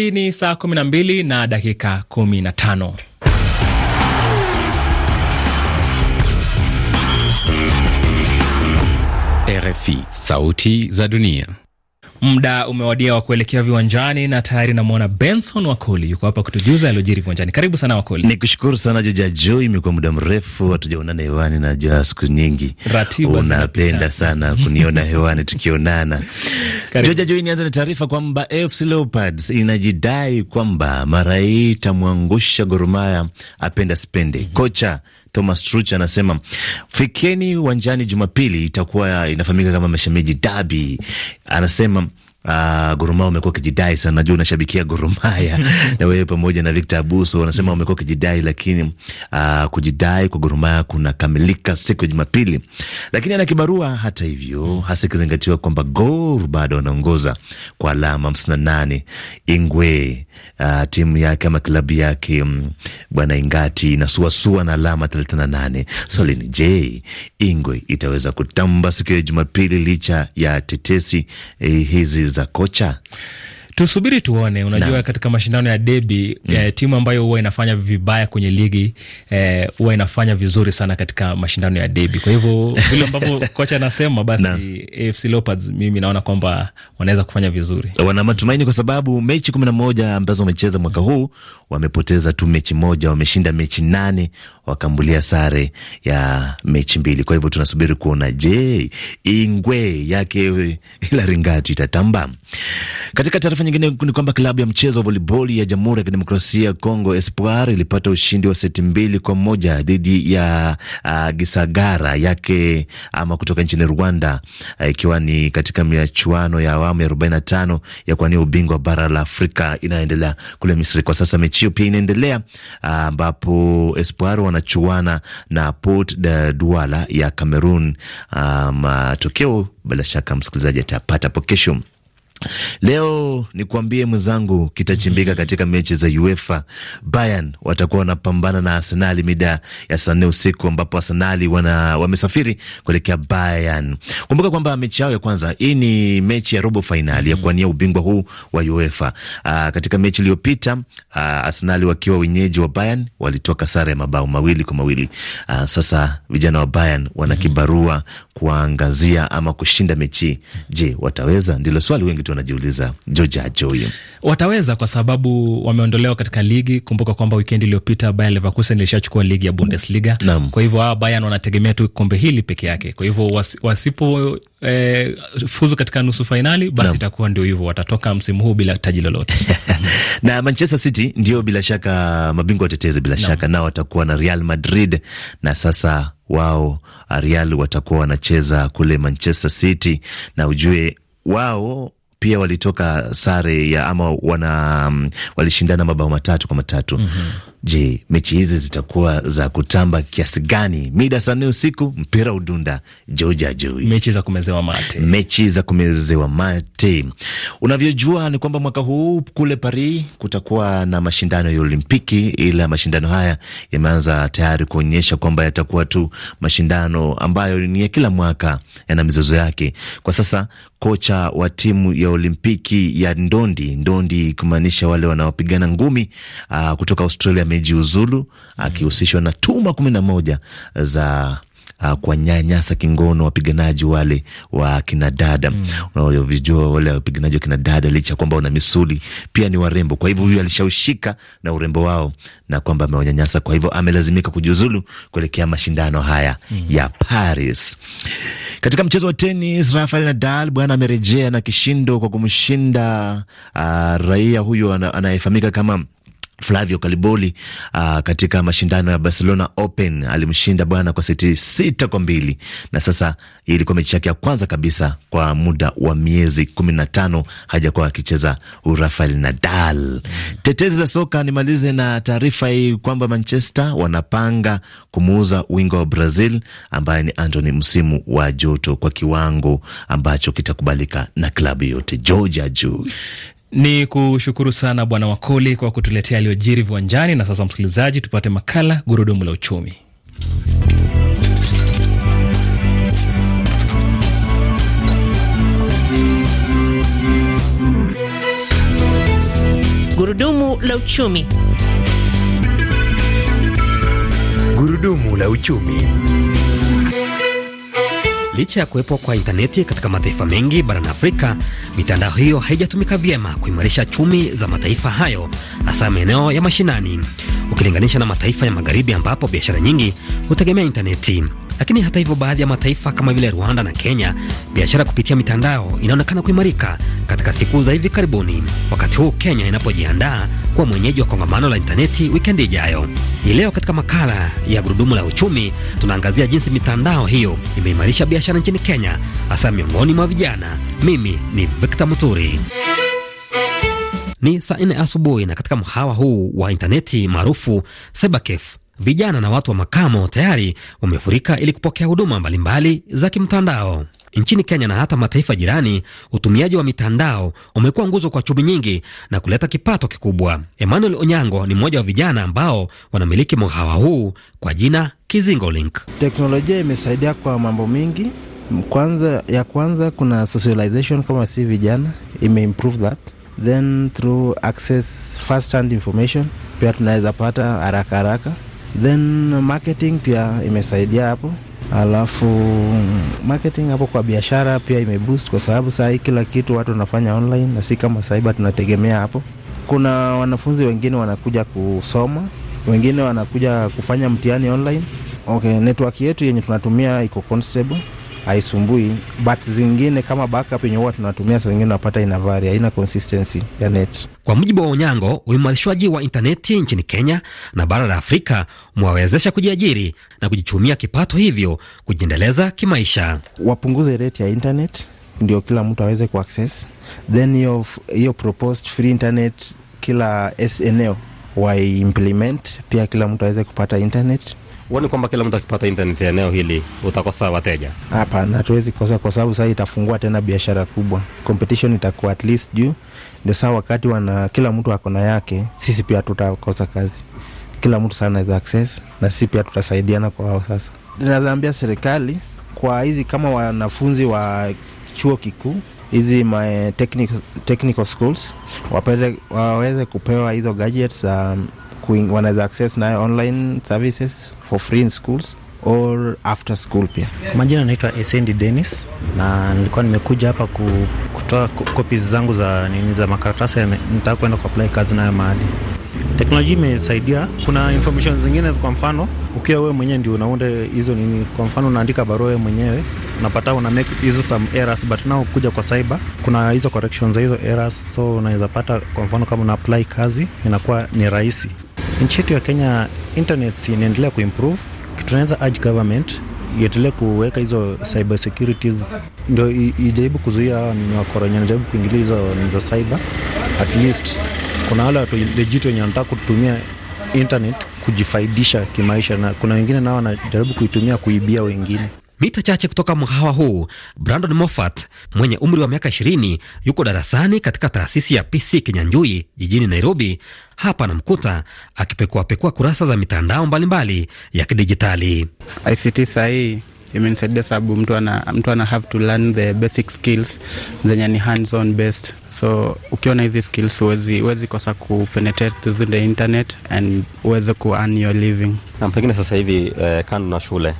Hii ni saa 12 na dakika 15. RFI, Sauti za Dunia. Muda umewadia wa kuelekea viwanjani na tayari namwona Benson Wakoli yuko hapa kutujuza aliojiri viwanjani. Karibu sana Wakoli. Ni kushukuru sana Joja Jo, imekuwa muda mrefu hatujaonana hewani, najua siku nyingi unapenda sana kuniona hewani tukionana. Joja Jo, nianza na taarifa kwamba AFC Leopards inajidai kwamba mara hii itamwangusha Gor Mahia apenda spende. mm -hmm. Kocha Thomas Truch anasema fikeni uwanjani Jumapili, itakuwa inafahamika kama mashemeji dabi. Anasema Uh, ah, Gorumaya umekuwa kijidai sana, najua unashabikia Gorumaya na wewe pamoja na Victor Abuso wanasema umekuwa mm. kijidai, lakini uh, kujidai kwa Gorumaya kunakamilika siku ya Jumapili, lakini ana kibarua hata hivyo, hasa ikizingatiwa kwamba Gor bado anaongoza kwa alama hamsini na nane. Ingwe uh, timu yake ama klabu yake um, bwana Ingati inasuasua na alama thelathini na nane. Swali ni je, Ingwe itaweza kutamba siku ya Jumapili licha ya tetesi eh, hizi za Tusubiri tuone. Unajua na, katika mashindano ya debi mm, eh, timu ambayo huwa inafanya vibaya kwenye ligi eh, huwa eh, inafanya vizuri sana katika mashindano ya debi. Kwa hivyo vile ambavyo kocha anasema basi na, AFC Leopards mimi naona kwamba wanaweza kufanya vizuri, wana matumaini kwa sababu mechi kumi na moja ambazo wamecheza mwaka huu wamepoteza tu mechi moja, wameshinda mechi nane, wakambulia sare ya mechi mbili. Kwa hivyo tunasubiri kuona, je, ingwe yake Hilary itatamba katika taarifa nyingine ni kwamba klabu ya mchezo wa voliboli ya Jamhuri ya Kidemokrasia ya Kongo Espoir ilipata ushindi wa seti mbili kwa moja dhidi ya uh, Gisagara yake ama kutoka nchini Rwanda ah, ikiwa uh, ni katika michuano ya awamu ya 45 ya kuwania ubingwa bara la Afrika inayoendelea kule Misri kwa sasa. Mechi hiyo pia inaendelea ah, ambapo uh, Espoir wanachuana na Port de Douala ya Cameroon. Matokeo um, uh, bila shaka msikilizaji atapata hapo kesho. Leo ni kuambie mwenzangu, kitachimbika mm katika mechi za UEFA. Bayern watakuwa wanapambana na Arsenali mida ya saa nne usiku, ambapo Arsenali wana wamesafiri kuelekea Bayern. Kumbuka kwamba mechi yao ya kwanza hii ni mechi ya robo fainali ya mm-hmm. kuania ubingwa huu wa UEFA. Aa, ah, katika mechi iliyopita ah, Arsenali wakiwa wenyeji wa Bayern walitoka sare ya mabao mawili kwa mawili. Aa, ah, sasa vijana wa Bayern wana mm-hmm. kibarua kuangazia ama kushinda mechi. Je, wataweza? Ndilo swali wengi tu wanajiuliza Joja Ajoi wataweza kwa sababu wameondolewa katika ligi. Kumbuka kwamba wikendi iliyopita Bayer Leverkusen ilishachukua ligi ya Bundesliga. Naam. Kwa hivyo hawa ah, Bayern wanategemea tu kombe hili peke yake. Kwa hivyo wasi, wasipo E, fuzu katika nusu fainali basi itakuwa ndio hivyo, watatoka msimu huu bila taji lolote. na Manchester City ndio bila shaka mabingwa watetezi bila shaka nao watakuwa na Real Madrid na sasa wao ah, Real watakuwa wanacheza kule Manchester City na ujue wao pia walitoka sare ya ama wana um, walishindana mabao matatu kwa matatu. mm -hmm. Je, mechi hizi zitakuwa za kutamba kiasi gani? Mida saa nne usiku mpira udunda joja joi, mechi za kumezewa mate, mechi za kumezewa mate. Unavyojua ni kwamba mwaka huu kule Paris kutakuwa na mashindano ya Olimpiki, ila mashindano haya yameanza tayari kuonyesha kwamba yatakuwa tu mashindano ambayo ni ya kila mwaka, yana mizozo yake. Kwa sasa kocha wa timu ya Olimpiki ya ndondi, ndondi kumaanisha wale wanaopigana ngumi, aa, ah, kutoka Australia amejiuzulu akihusishwa na tuma kumi na moja za Uh, kwa nyanyasa kingono wapiganaji wale wa kinadada mm. wale wapiganaji wa kinadada, licha kwamba wana misuli pia ni warembo. Kwa hivyo huyu alishaushika na urembo wao na kwamba amewanyanyasa, kwa hivyo amelazimika kujiuzulu kuelekea mashindano haya mm. ya Paris. Katika mchezo wa tenis, Rafael Nadal bwana amerejea na kishindo kwa kumshinda uh, raia huyo anayefahamika kama Flavio Kaliboli uh, katika mashindano ya Barcelona Open alimshinda bwana kwa seti sita kwa mbili, na sasa ilikuwa mechi yake ya kwanza kabisa kwa muda wa miezi kumi na tano hajakuwa akicheza Rafael Nadal. Tetezi za soka, nimalize na taarifa hii kwamba Manchester wanapanga kumuuza wingo wa Brazil ambaye ni Anthony msimu wa joto kwa kiwango ambacho kitakubalika na klabu yote Georgia juu ni kushukuru sana Bwana Wakoli kwa kutuletea aliyojiri viwanjani. Na sasa, msikilizaji, tupate makala gurudumu la uchumi. Gurudumu la uchumi, gurudumu la uchumi. Licha ya kuwepo kwa intaneti katika mataifa mengi barani Afrika, mitandao hiyo haijatumika vyema kuimarisha chumi za mataifa hayo, hasa maeneo ya mashinani, ukilinganisha na mataifa ya magharibi ambapo biashara nyingi hutegemea intaneti. Lakini hata hivyo, baadhi ya mataifa kama vile Rwanda na Kenya, biashara kupitia mitandao inaonekana kuimarika katika siku za hivi karibuni, wakati huu Kenya inapojiandaa kuwa mwenyeji wa kongamano la intaneti wikendi ijayo. Hii leo katika makala ya gurudumu la uchumi tunaangazia jinsi mitandao hiyo imeimarisha biashara nchini Kenya, hasa miongoni mwa vijana. Mimi ni Victor Muturi. Ni saa nne asubuhi na katika mhawa huu wa intaneti maarufu Cybercafe vijana na watu wa makamo tayari wamefurika ili kupokea huduma mbalimbali za kimtandao. Nchini Kenya na hata mataifa jirani, utumiaji wa mitandao umekuwa nguzo kwa chumi nyingi na kuleta kipato kikubwa. Emmanuel Onyango ni mmoja wa vijana ambao wanamiliki mgahawa huu kwa jina Kizingo Link. Teknolojia imesaidia kwa mambo mingi. Kwanza ya kwanza kuna socialization kama si vijana, imeimprove that then through access first hand information, pia tunaweza pata haraka haraka then uh, marketing pia imesaidia hapo. Alafu marketing hapo kwa biashara pia imeboost, kwa sababu saa kila kitu watu wanafanya online na si kama saiba tunategemea hapo. Kuna wanafunzi wengine wanakuja kusoma, wengine wanakuja kufanya mtihani online. Okay, network yetu yenye tunatumia iko Constable haisumbui, but zingine kama backup yenye huwa tunatumia saa zingine unapata inavari, haina consistency ya net. Kwa mujibu wa Onyango, uimarishwaji wa intaneti nchini Kenya na bara la Afrika umewawezesha kujiajiri na kujichumia kipato, hivyo kujiendeleza kimaisha. Wapunguze rate ya internet ndio kila mtu aweze kuaccess, then hiyo proposed free internet kila eneo waiimplement pia, kila mtu aweze kupata internet. Huoni kwamba kila mtu akipata internet ya eneo hili utakosa wateja? Hapana, hatuwezi kosa, kwa sababu sasa itafungua tena biashara kubwa, competition itakuwa at least juu. Ndio saa wakati wana kila mtu ako na yake, sisi pia tutakosa kazi, kila mtu sana naweza access, na sisi pia tutasaidiana kwa wao. Sasa ninaambia serikali kwa hizi kama wanafunzi wa chuo kikuu hizi ma eh, technical, technical schools wapele, waweze kupewa hizo gadgets za um, wanaweza access nayo online services for free in schools or after school pia. Majina anaitwa Essendi Dennis na nilikuwa nimekuja hapa ku, kutoa kopi zangu za nini za makaratasi nitaka kwenda ku apply kazi nayo mahali. Teknolojia imesaidia. Kuna information zingine, kwa mfano ukiwa wewe mwenyewe ndio unaunda hizo nini, kwa mfano unaandika barua wewe mwenyewe unapata una make hizo some errors, but now kuja kwa cyber kuna hizo corrections za hizo errors, so unaweza pata, kwa mfano kama una apply kazi inakuwa ni rahisi. Nchi yetu ya Kenya internet inaendelea kuimprove, kitu tunaweza urge government iendelee kuweka hizo cyber securities, ndio ijaribu kuzuia ni wakoronya, najaribu kuingilia hizo za cyber. At least kuna wale watu legit wenye wanataka kutumia internet kujifaidisha kimaisha, na kuna wengine nao wanajaribu kuitumia kuibia wengine. Mita chache kutoka mgahawa huu, Brandon Moffat mwenye umri wa miaka 20 yuko darasani katika taasisi ya PC Kinyanjui jijini Nairobi. Hapa mkuta akipekuapekua kurasa za mitandao mbalimbali mbali ya kidijitali. ICT sahii imenisaidia sababu mtu ana, mtu ana have to learn the basic skills zenye ni hands on based, so ukiona hizi skills huwezi huwezi kosa kupenetrate through the internet and uweze ku earn your living. Na pengine sasa hivi eh, kando na shule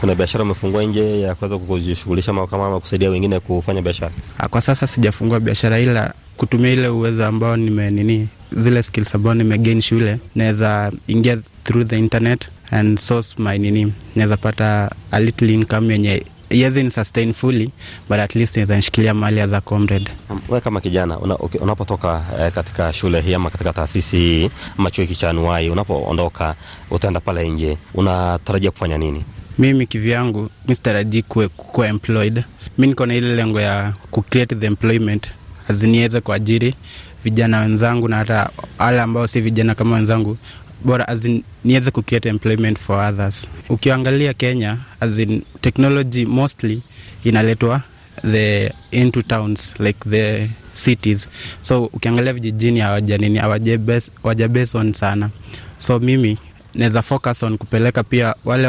kuna biashara umefungua nje ya kuweza kujishughulisha kama ama kusaidia wengine kufanya biashara? Ah, kwa sasa sijafungua biashara, ila kutumia ile uwezo ambao nimenini zile skills ambao nimegain shule, naweza ingia through the internet and source my nini, naweza pata a little income yenye yes in sustain fully but at least nishanishikilia mali as a comrade. Um, wewe kama kijana unapotoka una, eh, katika shule hii ama katika taasisi hii ama chuo hiki cha anuwai, unapoondoka utaenda pale nje, unatarajia kufanya nini? Mimi kivyangu mistaraji sitarajii kuwa employed. Mi niko na ile lengo ya kucreate the employment aziniweze kuajiri vijana wenzangu na hata wale ambao si vijana kama wenzangu, bora niweze kucreate employment for others. Ukiangalia Kenya as in technology mostly inaletwa the into towns like the cities, so ukiangalia vijijini hawaja nini, hawaja on sana, so mimi naweza focus on kupeleka pia wale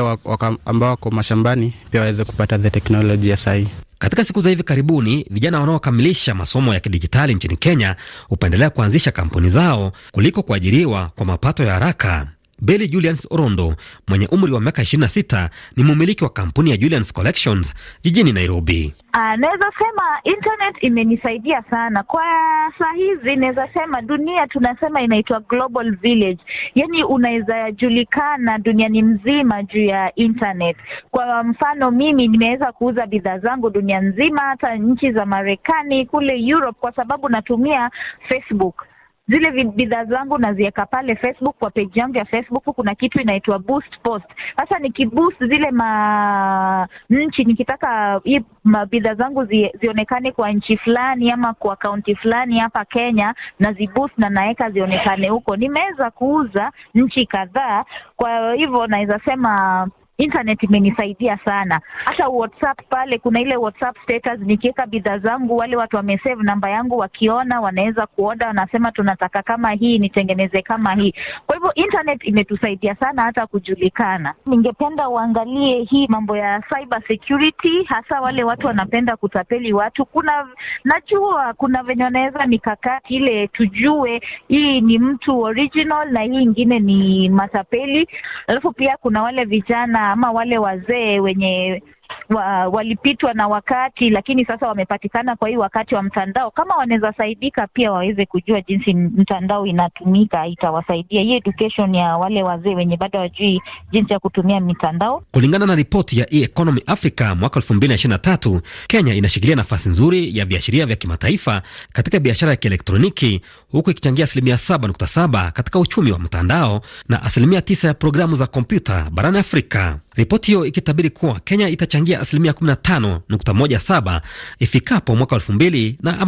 ambao wako mashambani pia waweze kupata the technology ya sahihi. Katika siku za hivi karibuni, vijana wanaokamilisha masomo ya kidijitali nchini Kenya hupendelea kuanzisha kampuni zao kuliko kuajiriwa kwa mapato ya haraka. Beli Julians Orondo mwenye umri wa miaka 26 ni mumiliki wa kampuni ya Julians Collections jijini Nairobi. Ah, naweza sema internet imenisaidia sana kwa saa hizi. Naweza sema dunia tunasema inaitwa global village, yani unaweza julikana duniani mzima juu ya internet. Kwa mfano mimi nimeweza kuuza bidhaa zangu dunia nzima, hata nchi za Marekani, kule Europe, kwa sababu natumia Facebook zile bidhaa zangu naziweka pale Facebook, kwa page yangu ya Facebook kuna kitu inaitwa boost post. Sasa nikiboost zile ma nchi, nikitaka hii bidhaa zangu zi, zionekane kwa nchi fulani ama kwa kaunti fulani hapa Kenya, naziboost na naweka zionekane huko. Nimeweza kuuza nchi kadhaa, kwa hivyo naweza sema internet imenisaidia sana, hata WhatsApp pale kuna ile WhatsApp status, nikiweka bidhaa zangu, wale watu wamesave namba yangu, wakiona wanaweza kuoda, wanasema tunataka kama hii, nitengeneze kama hii. Kwa hivyo internet imetusaidia sana hata kujulikana. Ningependa uangalie hii mambo ya cyber security, hasa wale watu wanapenda kutapeli watu. Kuna najua kuna venye wanaweza mikakati ile, tujue hii ni mtu original na hii ingine ni matapeli. Alafu pia kuna wale vijana ama wale wazee wenye wa, walipitwa na wakati, lakini sasa wamepatikana kwa hii wakati wa mtandao. Kama wanaweza saidika pia waweze kujua jinsi mtandao inatumika, itawasaidia hii education ya wale wazee wenye bado hawajui jinsi ya kutumia mitandao. Kulingana na ripoti ya e-Economy Africa mwaka 2023, Kenya inashikilia nafasi nzuri ya viashiria vya kimataifa katika biashara ya kielektroniki huku ikichangia asilimia 7.7 katika uchumi wa mtandao na asilimia 9 ya programu za kompyuta barani Afrika ripoti hiyo ikitabiri kuwa Kenya itachangia asilimia 15.17 ifikapo mwaka elfu na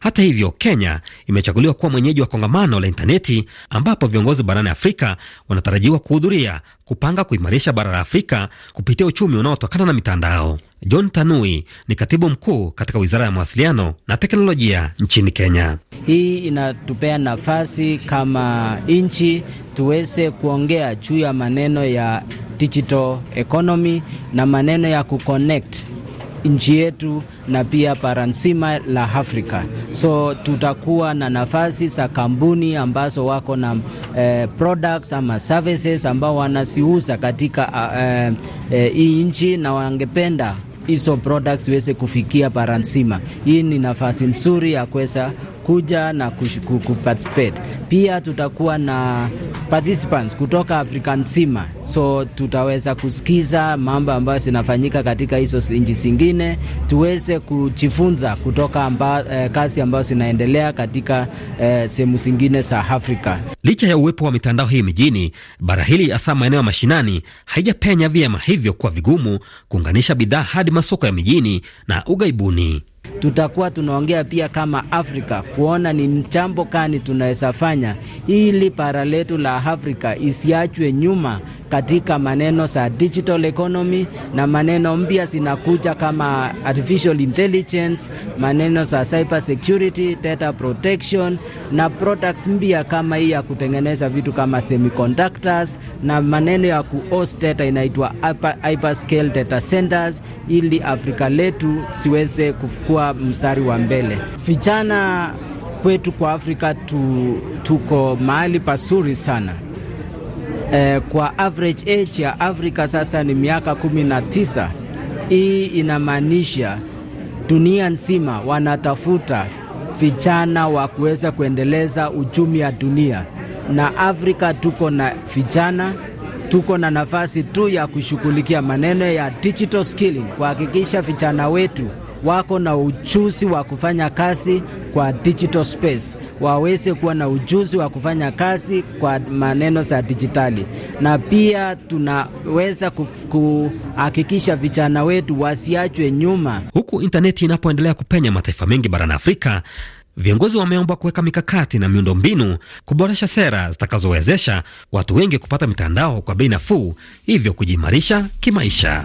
hata hivyo, Kenya imechaguliwa kuwa mwenyeji wa kongamano la intaneti ambapo viongozi barani Afrika wanatarajiwa kuhudhuria kupanga kuimarisha bara la Afrika kupitia uchumi unaotokana na mitandao. John Tanui ni katibu mkuu katika Wizara ya Mawasiliano na Teknolojia nchini Kenya. Hii inatupea nafasi kama nchi tuweze kuongea juu ya maneno ya digital economy na maneno ya kuconnect nchi yetu na pia bara nzima la Afrika. So tutakuwa na nafasi za kampuni ambazo wako na eh, products ama services ambao wanasiuza katika eh, eh, hii nchi na wangependa hizo products ziweze kufikia bara nzima. Hii ni nafasi nzuri ya kuweza kuja na kuparticipate. Pia tutakuwa na participants kutoka Afrika nzima, so tutaweza kusikiza mambo ambayo zinafanyika katika hizo nchi zingine, tuweze kujifunza kutoka amba, eh, kazi ambayo zinaendelea katika eh, sehemu zingine za Afrika. Licha ya uwepo wa mitandao hii mijini, bara hili hasa maeneo ya mashinani haijapenya vyema, hivyo kwa vigumu kuunganisha bidhaa hadi masoko ya mijini na ugaibuni tutakuwa tunaongea pia kama Afrika kuona ni jambo gani tunaweza fanya ili bara letu la Afrika isiachwe nyuma katika maneno za digital economy na maneno mpya zinakuja kama artificial intelligence, maneno za cyber security, data protection na products mpya kama hii ya kutengeneza vitu kama semiconductors na maneno ya kuhost data inaitwa hyperscale data centers, ili Afrika letu siweze kufukua mstari wa mbele. Vijana kwetu kwa Afrika tu, tuko mahali pazuri sana eh, kwa average age ya Afrika sasa ni miaka 19 Hii inamaanisha dunia nzima wanatafuta vijana wa kuweza kuendeleza uchumi wa dunia, na Afrika tuko na vijana, tuko na nafasi tu ya kushughulikia maneno ya digital skilling, kuhakikisha vijana wetu wako na ujuzi wa kufanya kazi kwa digital space, waweze kuwa na ujuzi wa kufanya kazi kwa maneno za dijitali, na pia tunaweza kuhakikisha vijana wetu wasiachwe nyuma. Huku intaneti inapoendelea kupenya mataifa mengi barani Afrika, viongozi wameombwa kuweka mikakati na miundombinu kuboresha sera zitakazowezesha watu wengi kupata mitandao kwa bei nafuu, hivyo kujiimarisha kimaisha.